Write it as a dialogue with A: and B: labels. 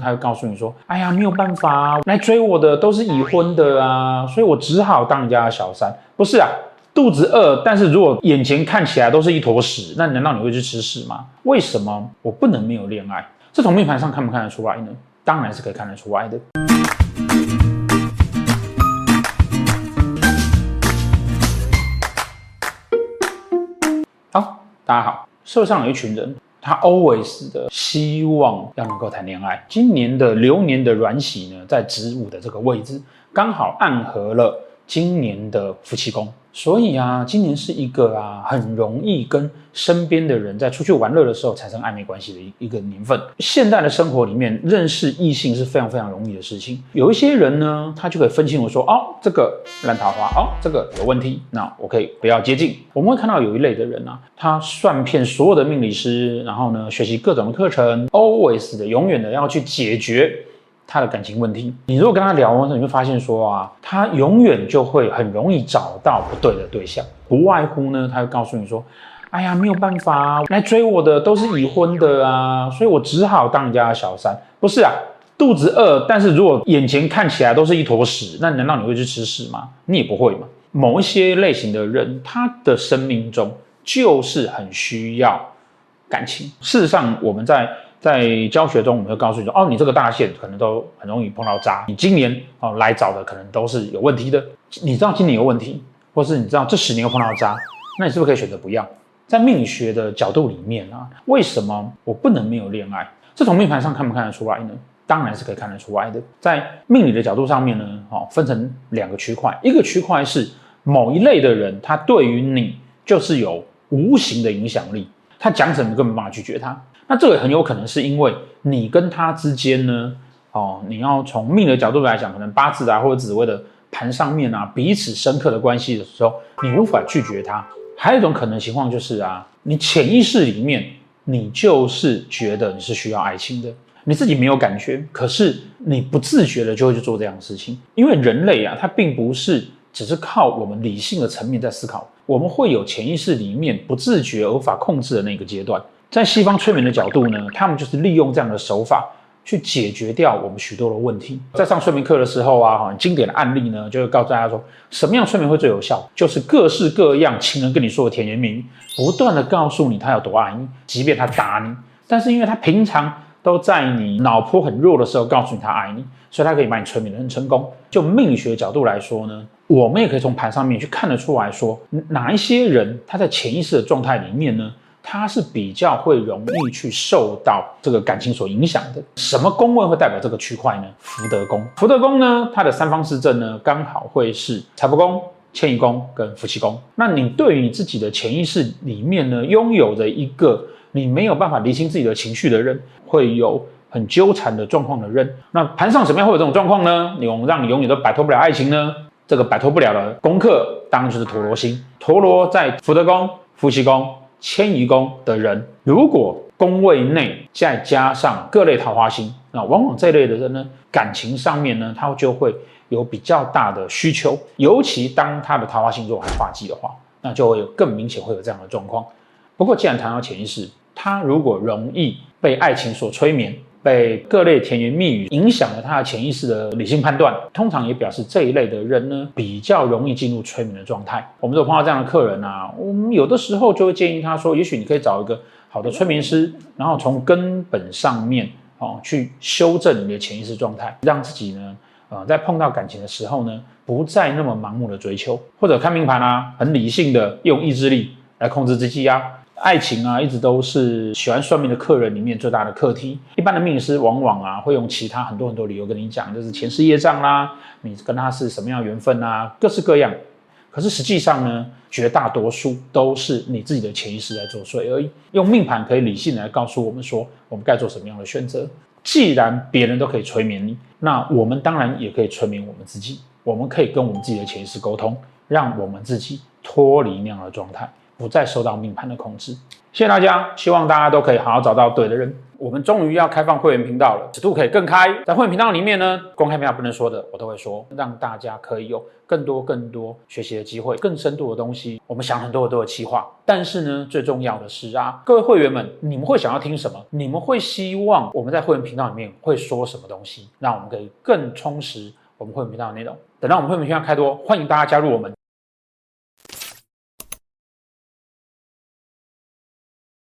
A: 他會告訴你說：“哎呀，沒有辦法，來追我的都是已婚的啊，所以我只好當人家的小三。”不是啊，肚子餓，但是如果眼前看起來都是一坨屎，那難道你會去吃屎嗎？為什麼我不能沒有戀愛？這從命盤上看不看得出來呢？當然是可以看得出來的。好，大家好，社會上有一群人。他 always 的希望要能夠談戀愛。今年的流年的鸞喜呢，在子午的這個位置，剛好暗合了今年的夫妻宮。所以啊，今年是一個啊，很容易跟身邊的人在出去玩樂的時候產生曖昧關係的一一個年份。現代的生活裡面，認識異性是非常非常容易的事情。有一些人呢，他就可以分清楚說，哦，這個爛桃花，哦，這個有問題，那我可以不要接近。我們會看到有一類的人啊，他算騙所有的命理師，然後呢，學習各種的課程，Always 的永遠的要去解決。他的感情問題，你如果跟他聊完之後，你會發現說啊，他永遠就會很容易找到不對的對象，不外乎呢，他會告訴你說，哎呀，沒有辦法，來追我的都是已婚的啊，所以我只好當人家的小三。不是啊，肚子餓，但是如果眼前看起來都是一坨屎，那難道你會去吃屎嗎？你也不會嘛。某一些類型的人，他的生命中就是很需要感情。事實上，我們在。在教學中，我們會告訴你說：“哦，你這個大限可能都很容易碰到渣，你今年哦來找的可能都是有問題的。你知道今年有問題，或是你知道這十年又碰到渣，那你是不是可以選擇不要？”在命理學的角度裡面啊，為什麼我不能沒有戀愛？這從命盤上看不看得出來呢？當然是可以看得出來的。在命理的角度上面呢，哦，分成兩個區塊，一個區塊是某一類的人，他對於你就是有無形的影響力。他講什麼你根本沒辦法拒絕他。那這個很有可能是因為你跟他之間呢，哦，你要從命的角度來講，可能八字啊或者紫微的盤上面啊彼此深刻的關係的時候，你無法拒絕他。還有一種可能的情況就是啊，你潛意識裡面你就是覺得你是需要愛情的，你自己沒有感覺，可是你不自覺的就會去做這樣的事情，因為人類啊，他並不是。只是靠我們理性的層面在思考，我們會有潛意識裡面不自覺而無法控制的那個階段。在西方催眠的角度呢，他們就是利用這樣的手法去解決掉我們許多的問題。在上催眠課的時候啊，很經典的案例呢，就會告訴大家說，什麼樣催眠會最有效？就是各式各樣情人跟你說的甜言蜜語，不斷的告訴你他有多愛你，即便他打你，但是因為他平常都在你腦波很弱的時候告訴你他愛你，所以他可以把你催眠的很成功。就命學角度來說呢。我們也可以從盤上面去看得出來說，哪一些人他在潛意識的狀態裡面呢？他是比較會容易去受到這個感情所影響的。什麼宮位會代表這個區塊呢？福德宮。福德宮呢，它的三方四正呢，剛好會是財帛宮、遷移宮跟夫妻宮。那你對於你自己的潛意識裡面呢，擁有着一個你沒有辦法理清自己的情緒的人，會有很糾纏的狀況的人。那盤上什麼樣會有這種狀況呢？永讓你永遠都擺脫不了愛情呢？這個擺脫不了的功課當然就是陀羅星。陀羅在福德宮、夫妻宮、遷移宮的人，如果宮位內再加上各類桃花星，那往往這類的人呢，感情上面呢，他就會有比較大的需求。尤其當他的桃花星座還化忌的話，那就會有更明顯會有這樣的狀況。不過，既然談到潛意識，他如果容易被愛情所催眠。被各類甜言蜜語影響了他的潛意識的理性判斷，通常也表示這一類的人呢比較容易進入催眠的狀態。我們如果碰到這樣的客人啊，我們有的時候就會建議他說，也許你可以找一個好的催眠師，然後從根本上面、啊、去修正你的潛意識狀態，讓自己呢，呃，在碰到感情的時候呢，不再那麼盲目的追求，或者看命盤啊，很理性的用意志力來控制自己啊。愛情啊，一直都是喜歡算命的客人裡面最大的課題。一般的命理師往往啊，會用其他很多很多理由跟你講，就是前世業障啦、啊，你跟他是什麼樣緣分啊，各式各樣。可是實際上呢，絕大多數都是你自己的潛意識在作祟而已。用命盤可以理性來告訴我們說，我們該做什麼樣的選擇。既然別人都可以催眠你，那我們當然也可以催眠我們自己。我們可以跟我們自己的潛意識溝通，讓我們自己脫離那樣的狀態。不再受到命盤的控制。謝謝大家，希望大家都可以好好找到對的人。我們終於要開放會員頻道了，尺度可以更開。在會員頻道裡面呢，公開頻道不能說的，我都會說，讓大家可以有更多更多學習的機會，更深度的東西。我們想很多的都有企劃，但是呢，最重要的是啊，各位會員們，你們會想要聽什麼？你們會希望我們在會員頻道裡面會說什麼東西？那我們可以更充實我們會員頻道的內容。等到我們會員頻道開播，歡迎大家加入我們。